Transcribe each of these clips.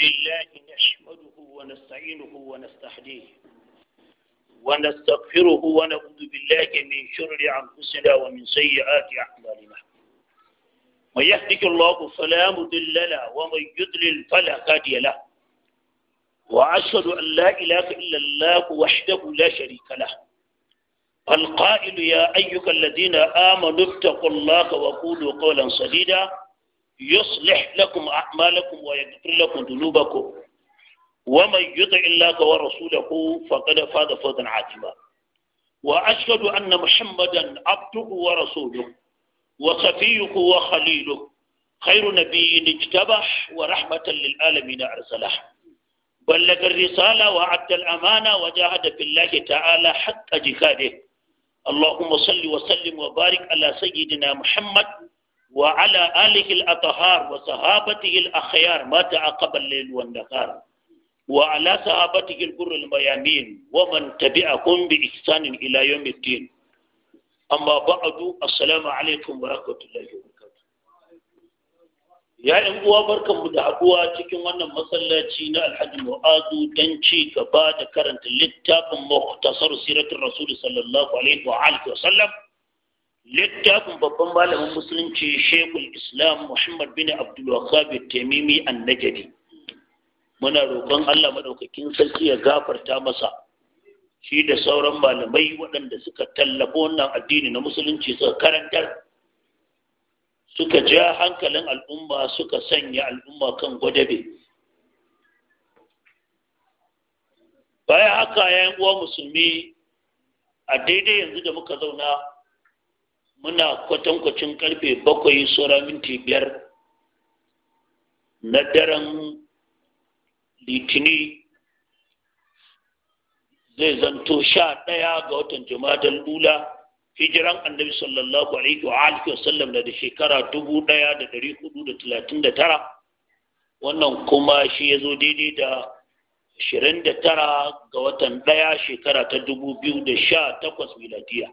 لله نحمده ونستعينه ونستهديه ونستغفره ونعوذ بالله من شر أنفسنا ومن سيئات أعمالنا من يهدك الله فلا مضل له ومن يضلل فلا هادي له وأشهد أن لا إله إلا الله وحده لا شريك له القائل يا أيها الذين آمنوا اتقوا الله وقولوا قولا سديدا يصلح لكم أعمالكم ويغفر لكم ذنوبكم ومن يطع الله ورسوله فقد فاز فوزا عظيما وأشهد أن محمدا عبده ورسوله وصفيه وخليله خير نبي اجتبح ورحمة للعالمين أرسله بلغ الرسالة وعد الأمانة وجاهد في الله تعالى حق جهاده اللهم صل وسلم وبارك على سيدنا محمد وعلى آله الأطهار وصحابته الأخيار ما تعقب الليل والنهار وعلى صحابته البر الميامين ومن تبعكم بإحسان إلى يوم الدين أما بعد السلام عليكم ورحمة الله وبركاته يا إن barkan mu da haɗuwa cikin wannan masallaci na Alhaji Mu'azu dan ci gaba da karanta littafin Mukhtasar Siratul Rasul sallallahu alaihi wa alihi wa sallam littafin babban malamin musulunci shekul islam muhammad bin abdulwahab taimimi An-Najadi, muna roƙon allah maɗaukakin sarki ya gafarta masa shi da sauran malamai waɗanda suka tallafa wannan addini na musulunci suka karantar suka ja hankalin al'umma suka sanya al'umma kan gwadabe bayan haka yayin uwa musulmi a daidai yanzu da muka zauna muna kwatankwacin karfe bakwai saura minti biyar na daren litini zai zanto sha ɗaya ga watan jumadal lula hijiran annabi sallallahu alaihi wa alihi wa sallam na da shekara dubu ɗaya da ɗari hudu da talatin da tara wannan kuma shi ya zo daidai da ashirin da tara ga watan ɗaya shekara ta dubu biyu da sha takwas miladiya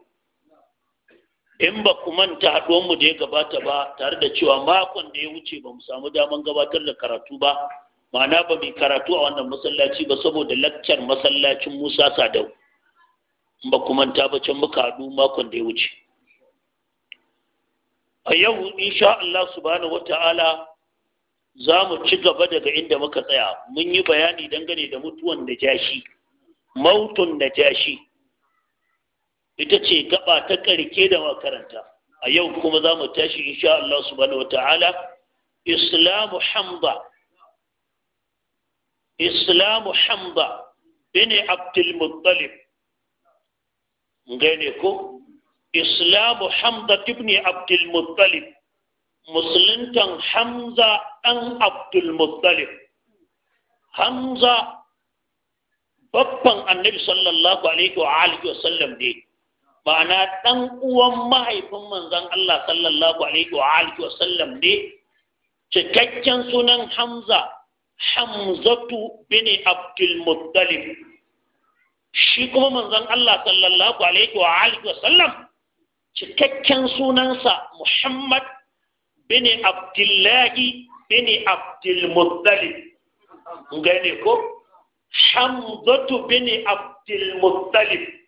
in ba ku manta mu da ya gabata ba tare da cewa makon da ya wuce ba mu samu daman gabatar da karatu ba ma'ana ba mai karatu a wannan masallaci ba saboda laccar masallacin musa sadau in ba ku manta ba can muka haɗu makon da ya wuce a yau insha Allah subhanahu wata'ala za mu ci gaba daga inda muka tsaya mun yi bayani dangane da mutuwan najashi mautun najashi ita ce gaba ta karke da makaranta a yau kuma za mu tashi insha Allah subhanahu ta'ala islamu hamba islamu hamba bin abdul muttalib ngane ko islamu hamza ibn abdul muttalib musuluntan hamza dan abdul muttalib hamza babban annabi sallallahu alaihi wa alihi wa sallam ne ma'ana ɗan uwan mahaifin manzon Allah sallallahu alaihi wa alihi wasallam ne cikakken sunan Hamza Hamzatu bin Abdul Muttalib shi kuma manzon Allah sallallahu alaihi wa alihi wasallam cikakken sunansa Muhammad bin Abdullahi bin Abdul Muttalib gane ko Hamzatu bin Abdul Muttalib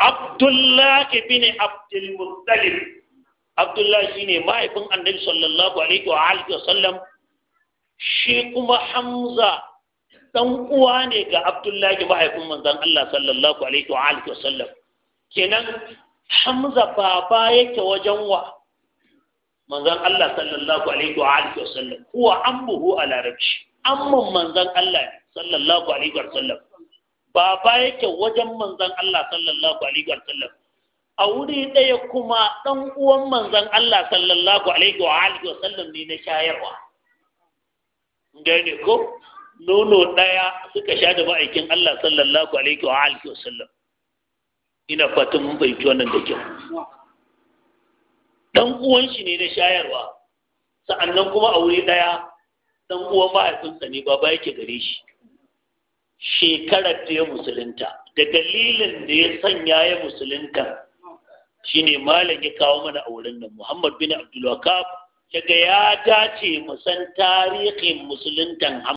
abdullahi bin abdul muttalib abdullahi shine mahaifin annabi sallallahu alaihi wa alihi wasallam shi kuma hamza dan uwa ne ga abdullahi mahaifin manzon Allah sallallahu alaihi wa alihi wasallam kenan hamza baba yake wajen wa manzon Allah sallallahu alaihi wa alihi wasallam huwa ambuhu ala rabbi amman manzon Allah sallallahu alaihi wa sallam baba yake wajen manzan Allah sallallahu alaihi wa sallam a wuri ɗaya kuma ɗan uwan manzan Allah sallallahu alaihi wa alihi wa sallam ne na shayarwa gane ko nono ɗaya suka sha da ma'aikin Allah sallallahu alaihi wa alihi wa sallam ina fatan mun fahimci wannan da kyau dan uwan shi ne na shayarwa sa'annan kuma a wuri daya dan uwan mahaifinsa ne baba yake gare shi shekarar da ya musulunta da dalilin da ya sanya ya musulunta shine malam ya kawo mana a wurin nan Muhammad bin Abdul Wahhab kaga ya dace mu san tarihin musuluntan